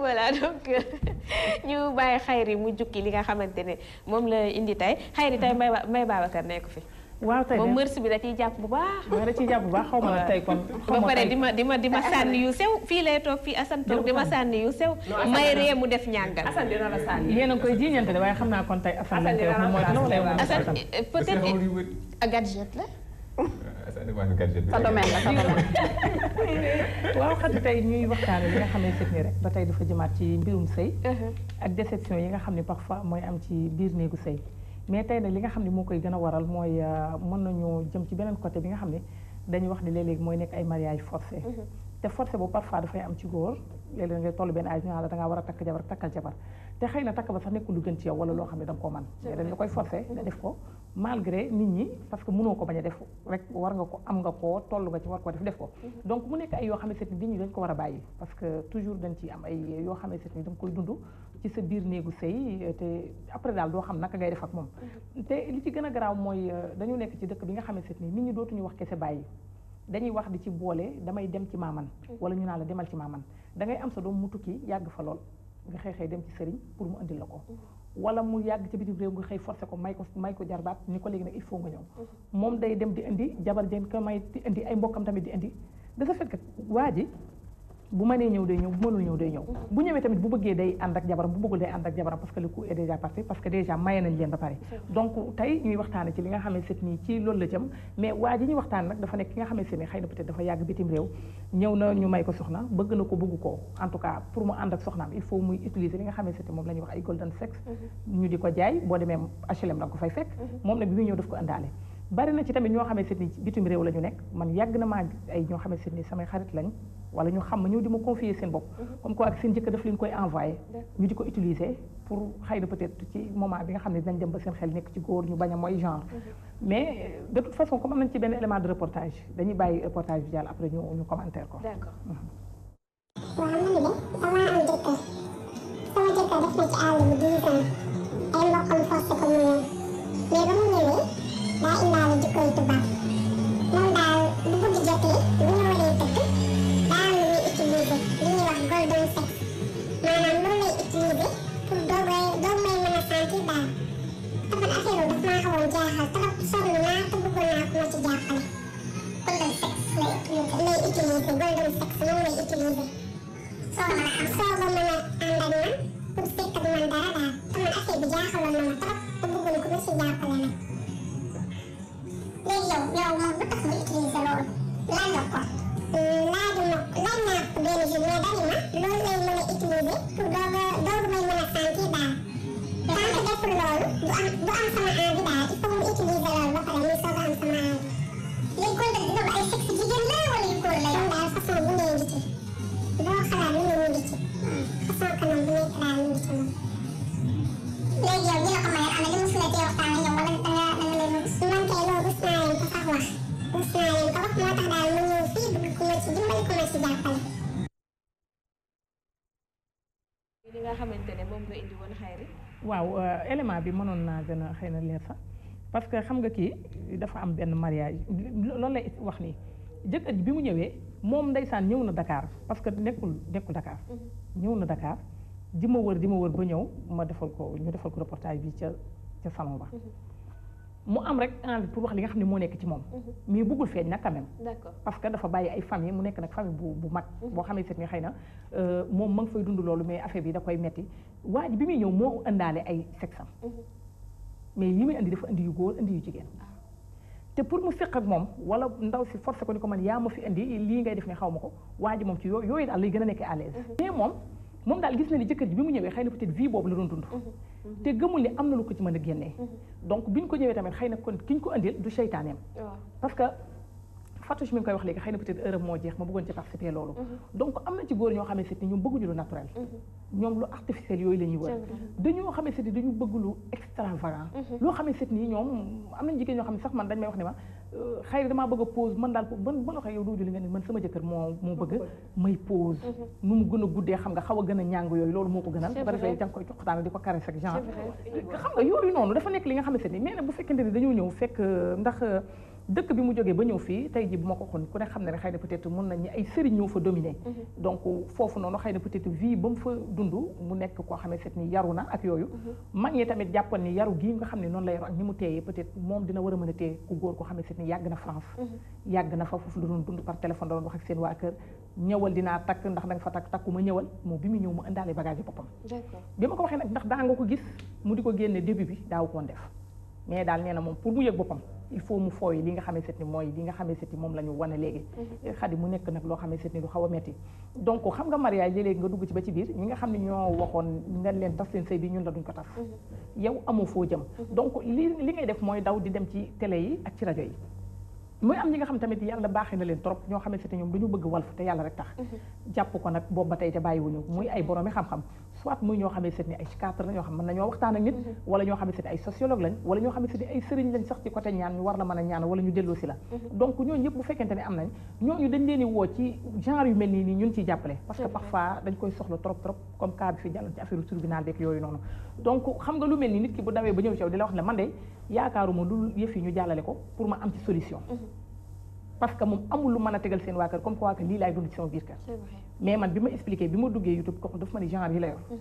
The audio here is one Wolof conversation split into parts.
voilà donc euh, ñu bàyyi xayri mu jukki li nga xamante ne moom la indi tey xayri tey may may Babacar nekk fi. waaw tey moom mërs bi da ciy jàpp bu baax. da ciy jàpp bu baax xaw ma tey kon. ba pare di ma di ma di ma sànni yu sew fii lay toog fii Assane toog di ma sànni yu sew. may ree mu def ñàngal. Assane dina la sànni. yéen a koy jiñante de waaye xam naa kon tey Assane. Assane dina la sànni Assane peut gadget la. sa waaw xadi tey ñuy waxtaane li nga xamante ni rek ba tey dafa jëmaat ci mbirum sëy uh-huh. ak déception yi nga xam ne parfois mooy am ci biir néegu sëy mais tey nag li nga xam ne moo koy gën a waral mooy euh, mën nañoo jëm ci beneen côté bi nga xam ne dañuy wax ni léeg-léeg mooy nekk ay mariage forcé uh-huh. te forcé boobu parfois dafay am ci góor léeg-léeg ngay toll benn âge ñu la danga war a takk jabar takkal jabar te xëy na takk ba sax nekkul lu gën ci yow wala loo xam ne da nga koo koy forcé nga def ko malgré ñi parce que mënoo ko bañ a def rek war nga ko am nga ko toll nga ci war ko def def ko mhm. donc mu nekk ay yoo xamante ni nit ñi dañ ko war a bàyyi parce que toujours dañ ci am ay yoo xamante ni da nga koy dund ci sa biir néegu sëy te après daal doo xam naka ngay def ak moom mhm. te li ci gën a garaaw mooy euh, dañu nekk ci dëkk bi nga xamante ni nit ñi dootuñu wax kese bàyyi dañuy wax di ci boole damay dem ci maaman wala ñu naan la demal ci maaman da ngay am sa doom mu tukki yàgg fa lool nga xëy xëy dem ci sëriñ pour mu indi la ko mhm. wala mu yàgg ci bitim réew nga xëy forcé ko may ko may ko jarbaat ni ko léegi nag il faut nga ñëw mhm. moom day dem di indi jabar jën ko may di indi ay mbokkam tamit di indi de ce waa ji bu ma mënee ñëw day ñëw bu mënul ñëw day ñëw bu ñëwee tamit bu bëggee day ànd ak jabaram bu bëggul day ànd ak jabaram parce que le coup est déjà passé parce que déjà maye nañ leen ba pare donc tey ñuy waxtaane ci li nga xamante ni ci loolu la jëm mais waa ji ñuy waxtaan nag dafa nekk ki nga xamante ni xëy na peut-être dafa yàgg bitim réew ñëw na ñu may ko soxna bëgg na ko bëgg ko en tout cas pour mu ànd ak soxnaam il faut muy utiliser li nga xamante ni moom la ñuy wax ay golden mm-hmm. di ko jaay boo demee HLM da nga ko fay fekk mm-hmm. moom nag bi ñëw daf ko àndaale bari na ci tamit ñoo xamante ni bitim réew la ñu nekk man yàgg na maa gis ay ñoo xamante ni samay xarit lañ wala ñu xam ma ñëw di ma confier seen bopp. Mhm. comme quoi ak seen jëkkër daf leen koy envoyé. ñu di ko utiliser pour xëy na peut-être ci moment bi nga xam ne dañ dem ba seen xel nekk ci góor ñu bañ a mooy genre. Mhm. mais euh, de toute façon ci benn élément de reportage dañuy bàyyi reportage bi jàll après ñu ñu commentaire ko. daa indaale jikko yu tubaab moom daal bu guddi jotee bu ñu waree tëdd daa am lu muy utiliser li ñuy wax golden sex maanaam loolu lay utiliser pour doog may doog may mën a sentir daal te man affaire bi daf maa xawoon jaaxal trop sonn naa te bëggoon naa ko ma ci jàppale golden sex lay utiliser lay utiliser golden sex moom lay utiliser soo mën a am soo ko mën a ànd ak man pour seet ak man dara daal te man affaire bi jaaxaloon na ma trop te bëggoon ko ma ci jàppale nag yow moom lu tax nga utiliser loolu laaj nga ko laajuma hmm, laaj naa ko benn jour mais dañu ma loolu lay mën a utiliser pour doog a doog may mën a sentir daal tant que deful loolu du am du am sama envie daal il faut mu utiliser loolu ba pare muy soog a am sama envie léegi kon nag dina ba ay sexe jigéen la wala yu góor la yow daal façon bu nee ngi ci loo xalaat lu ne mu ngi ci hmm. façon kanam bu nekk daal nga indi waaw euh, élément bi mënoon naa gën a xëy na leer sax parce que xam nga kii dafa am benn mariage loolu lay wax nii jëkkër ji bi mu ñëwee moom ndeysaan ñëw na dakaar parce que nekkul nekkul dakaar mhm. ñëw na dakaar di ma wër di ma wër ba ñëw ma defal ko ñu defal ko reportage bi ca ca salon ba. Mhm. mu am rek envie pour wax li nga xam ne moo nekk ci moom. Mhm. mais bëggul feeñ nag quand même. d'accord parce que dafa bàyyi ay famille mu nekk nag famille bu bu mag. boo xamee seet ni xëy na euh, moom ma ngi fay dund loolu mais affaire bi da koy metti waa ji bi muy ñëw moo indaale ay sexe am mm-hmm. mais yi muy indi dafa indi yu góor indi yu jigéen te pour mu seq ak moom wala ndaw si forcé ko ni ko man yaa ma fi indi lii ngay def ne xaw ma ko waaj ji moom ci yooyu yooyu daal lay gën a nekk à l'aise mm-hmm. mais moom moom daal gis na ni jëkkër ji bi mu ñëwee xëy na peut-être vie boobu la doon dund mm-hmm. te gëmul ni am na lu ko ci mën a génnee donc bi ñu ko ñëwee tamit xay na kon ki ñu ko indil du seytaaneem parce que Fatou si mi ngi koy wax léegi xëy na peut-être heure moo jeex ma bëggoon ci participer loolu mhm. donc am na ci góor ñoo xamante ni ñoom bëgguñu mhm. mhm. ñoom am nañu jigéen ñoo xam ne sax man dañ may wax ne ma euh, xëy na damaa bëgg a pause man daal ban ban waxee yow doo julli nga ne man sama jëkkër moo moo bëgg may pause mu gën a guddee xam nga xaw a gën a ñàng yooyu loolu moo ko gënal ba defee jàng koy coxtaan di ko caresse ak genre xam nga yooyu noonu dafa nekk li nga xamante ni mais nag bu fekkente ni dañoo dëkk bi mu jógee ba ñëw fii tey jii bu ma ko xon ku ne xam ne rek xëy na peut-être mën nañu ay sëriñ ñoo fa dominé. Mm-hmm. donc foofu noonu xëy na peut-être vie ba mu fa dund mu nekk koo xamante ni yaru na ak yooyu. Mm-hmm. mag ñi tamit jàppoon ni yaru gii nga xam ne noonu la yaru ak ni mu téye peut-être moom dina war a mën a téye ku góor koo xamante ni yàgg na France. Mm-hmm. yàgg na fa foofu la doon dund par téléphone ak seen waa kër ñëwal dinaa takk ndax danga fa takk takku ma ñëwal moom bi mu ñëw mu indaale bagage boppam. d'accord bi ko waxee nag ndax daa nga ko gis mu di ko génne début bi daaw koon def mais daal nee na moom pour mu yëg boppam il faut mu fooy li nga xamante ni mooy li nga xamante ni moom la ñu wane léegi mm-hmm. xadi mu nekk nag loo xamante ni lu xaw a metti donc xam nga mariage léegi nga dugg ci ba ci biir ñi nga xam ne ñoo waxoon nga leen tas seen sëy bi ñun la duñ ko tas mm-hmm. yow amoo foo jëm mm-hmm. donc li li ngay def mooy daw di dem ci télé yi ak ci rajo yi muy am ñi nga xam tamit yàlla baaxee na leen trop ñoo xamante ne ñoom dañu bëgg walf te yàlla rek tax jàpp ko nag boobu ba tey te bàyyiwuñu muy ay boroomi xam soit muy ñoo xamante ne ay psychiatre la ñoo xam mën nañoo waxtaan ak nit mm-hmm. wala ñoo xamante ne ay sociologue lañ wala ñoo xamante ne ay sëriñ lañ sax ci côté ñaan ñu war la mën a ñaan wala ñu delloo si la mm-hmm. donc ñooñu ñëpp bu fekkente ne am nañ ñooñu dañ leen di woo ci genre yu mel nii nii ñun ciy jàppale parce que parfois dañ koy soxla trop trop comme cas bi fi jàlloon ci affaire tribunal beeg yooyu noonu donc xam nga lu mel ni nit ki bu dawee ba ñëw ci di la wax man de yaakaaruma lu ko pour ma am ci parce que moom amul lu mën a tegal seen waa kër comme quoi que lii laay dund ci sama biir kër mais man bi ma expliqué bi ma duggee YouTube ko daf ma ni genre yi la yor mhm.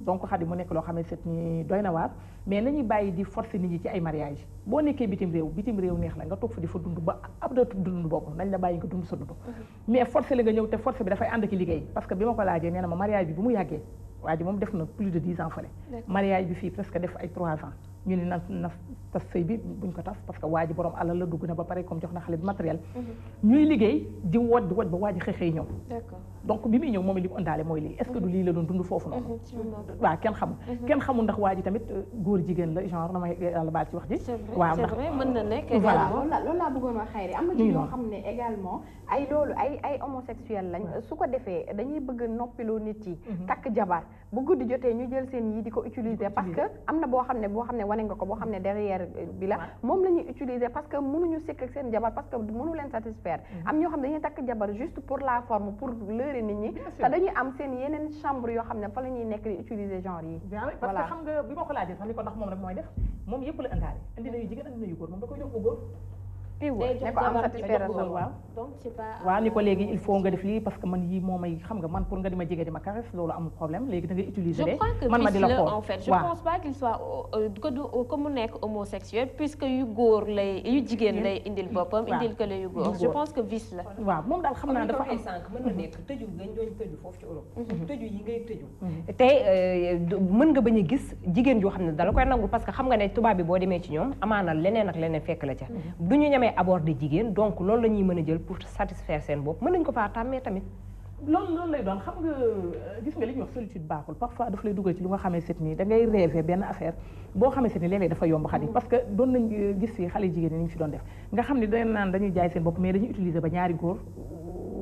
donc mu nekk loo xam ne set ni doy na waar mais nañuy bàyyi di force nit ñi ci ay mariage boo nekkee bitim réew bitim réew neex la nga toog fa di fa dund ba ab da dund boobu nañ la bàyyi nga dund sa dund mhm. mais forcer la nga ñëw te forcer bi dafay ànd ki liggéey parce que bi ma ko laajee nee na waa ji def na plus de dix ans fële. mariage bi fii ay trois ans ñu na na tas sëy ko tas parce que waa ji borom alal la dugg na ba pare comme jox na xale bi matériel. Mhm. ñuy liggéey di waa ji xëy ñëw. donc bi muy ñëw moom li mu ëndaale mooy lii est ce que du mhm. lii la doon dund foofu mhm. kenn xamul. ndax waa ji tamit euh, góor jigéen la genre damay yàlla baal ci wax ji. waaw ndax mën na nekk également loolu laa bëggoon wax am na ci ñoo xam ne également ay loolu ay ay homosexuel lañ su ko defee dañuy bëgg noppiloo nit yi takk jabar bu guddi jotee ñu jël seen yi di ko utiliser parce que am na boo xam ne boo xam ne wane nga ko boo xam ne derrière euh, bi la moom la ñuy parce que mënuñu sikk seen jabar parce que mënu leen satisfaire mhm. am ñoo xam ne dañuy takk jabar juste pour la forme pour leurrer nit ñi te dañuy am seen yeneen chambre yoo xam ne fa la nekk di genre yi parce que xam nga bi ma ko laajee sax ni ko ndax moom rek mooy def moom yëpp la indaale moom da koy jox ne ko am satisfaction waaw donc c'est pas waaw ni ko léegi man nga la xool je la en fait je pense pas pense que vice la waaw moom xam naa dafa am sànq mën na nekk tëju nga doon tëju foofu ci Europe mhm. tëju yi ngay tëju mhm. tey euh, mën nga bañ a gis jigéen joo xam ne dala koy nangu parce que xam nga ne tubaab bi boo demee ci ñoom amaana leneen ak leneen fekk la ca mhm. duñu ñemee ñemee aborder jigéen donc loolu la ñuy mën a jël pour satisfaire seen bopp mën nañ ko faa tàmmee tamit loolu loolu lay doon xam nga euh, gis nga li ñuy wax solitude baaxul parfois daf lay dugal ci lu nga xamee set nii da ngay rêver benn affaire boo xamee set nii léeg-léeg dafa yomb xale yi mm. parce que doon nañ euh, gis fi nga xam ne dañ naan dañuy jaay seen bopp mais dañuy utiliser ba ñaari góor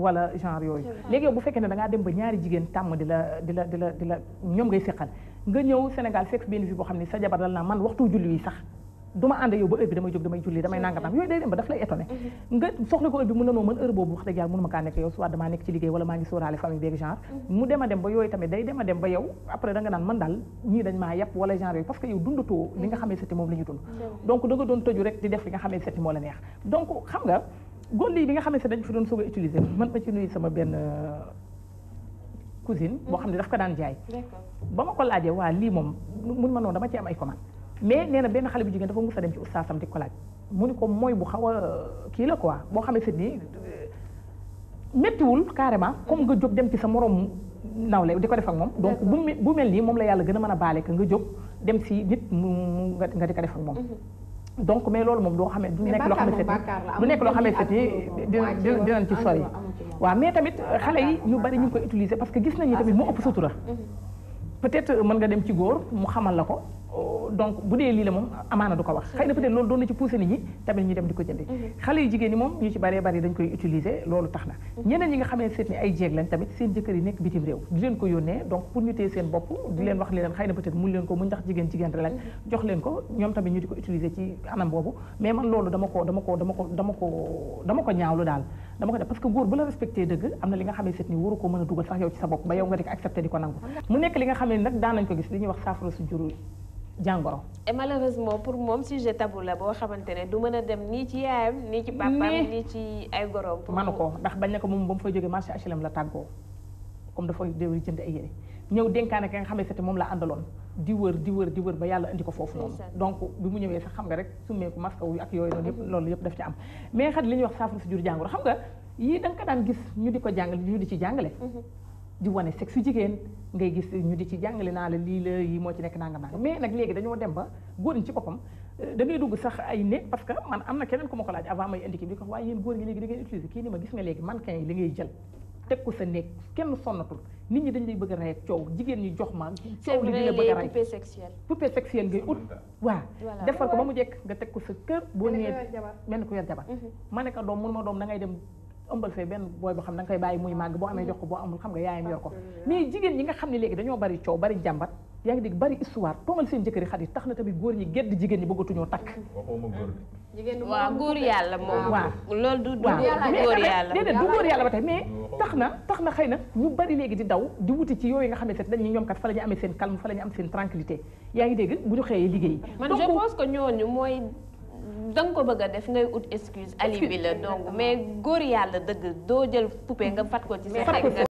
wala genre yooyu léegi yow bu fekkee ne da dem ba ñaari jigéen tàmm di la di la di la di la ñoom ngay seqal nga ñëw Sénégal sexe benn vie boo xam ne sa jabar dal naa man waxtu julli yi sax du ma ànd yow ba heure bi damay julli damay nangam naam yooyu day dem ba daf lay étonné mhm. nga soxla ko heure bi mun na noo heure boobu wax dëgg yàlla mënuma kaa nekk yow soit damaa nekk ci liggéey wala maa ngi sóoraale famille beeg genre mhm. mu dem a dem ba yooyu tamit day dem a dem ba yow après da naan man daal ñii dañ maa yàpp wala genre yooyu parce que yow dundatoo li nga mhm. xamee setti moom la ñu donc da doon tëju rek di def li nga xamee setti moo la ne dañ fi doon soog a utiliser man ma ci nuyu xam ne daf ko daan jaay ba ma ko laajee waa lii moom mun ma noonu dama am ay commande mais nee na benn xale bu jigéen dafa mus a dem ci ustaasam di ko laaj mu ni ko mooy bu xaw a euh, kii la quoi boo xamee set nii euh, méttiwul carrément comme nga jóg dem ci sa morom nawle di ko def ak moom donc bu bu mel nii moom la yàlla gën a mën a baale que nga jóg dem si nit mu nga di ko def moom mm-hmm. donc mais loolu moom doo xamee du nekk loo xamee set du nekk loo xamee set ni dinañ ci sori mais tamit euh, xale yi ñu bari ñu ngi koy utiliser parce que gis nañu tamit ah, mu ëpp sutura mm-hmm. peut-être mën nga dem ci góor mu xamal la ko donc bu dee lii la moom amaana du ko wax xëy na peut-être loolu doon na ci pousser nit ñi tamit ñu dem di ko jëndi mhm. xale yu jigéen ñi moom ñu ci bëree bëri dañ koy utiliser loolu tax na mhm. ñeneen ñi nga xamee seet ni ay jeeg lañ tamit seen jëkkër yi nekk bitim réew di leen ko yónnee donc pour ñu téye seen bopp di leen wax li leen na peut-être muñ leen ko muñ ndax jigéen mhm. am na li nga xamee seet ni waru a dugal sax yow ci sa bopp ko accepté di ko nangu mu nekk nga xamee nag daan nañ ko gis li ñuy wax saafara su juru jàngoro. et malheureusement pour moom sujet tabou la boo xamante ne du mën a dem nii ci yaayam nii ci papaam ci ay goroom. manu ko ndax bañ na ko moom ba mu fay jógee marché HLM la tàggoo comme dafa déwéy jënd ay yére ñëw dénkaane ka nga xamante ne moom la àndaloon di wër di wër di wër ba yàlla indi ko foofu noonu donc bi mu ñëwee sax xam nga rek summeeku masque wu ak yooyu noonu yëpp loolu yëpp daf ci am mais xat li ñuy wax saafara si jur jàngoro xam nga yii da nga ko daan gis ñu di ko jàngale di ci jàngale mm-hmm. di wane sexe si jigéen ngay gis ñu di ci jàngale naa la lii la yi moo ci nekk nangam nangam mais nag léegi dañoo dem ba góor ñi ci boppam euh, da dugg sax ay néeg parce que man am na keneen ku ma ko laaj avant may indi kii bi ko waaye yéen góor ñi ngay utiliser kii ni ko sa néeg kenn sonnatul nit ñi dañ lay bëgg rey ak coow jigéen ñi jox ma coow li di la bëgg a rey poupée sexuelle poupée sexuelle ngay ba mu jekk nga teg ko sa kër boo ñëwee mel ni ko yor jabar mhm. ma ne ko doom mun ma doom da ngay dem ëmbal fee benn booy boo xam da nga koy bàyyi muy màgg boo amee mm. jox ko boo amul xam nga yaayam yor ko mais jigéen ñi nga xam ne léegi dañoo bari coow bari jàmbat yaa ngi dégg bari histoire toogal seen jëkkëri xarit tax na tax na tax na xëy na ñu bari léegi di daw di wuti ci yooyu nga xam ne te dañuy ñoom kat fa la ñu amee seen la ñu am seen tranquillité yaa ngi dégg bu ñu xëyee liggéey man je pense mooy da nga ko bëgg a def ngay ut excuse alibi la donc mais góor yàlla dëgg doo jël poupée nga fat ko ci sa xel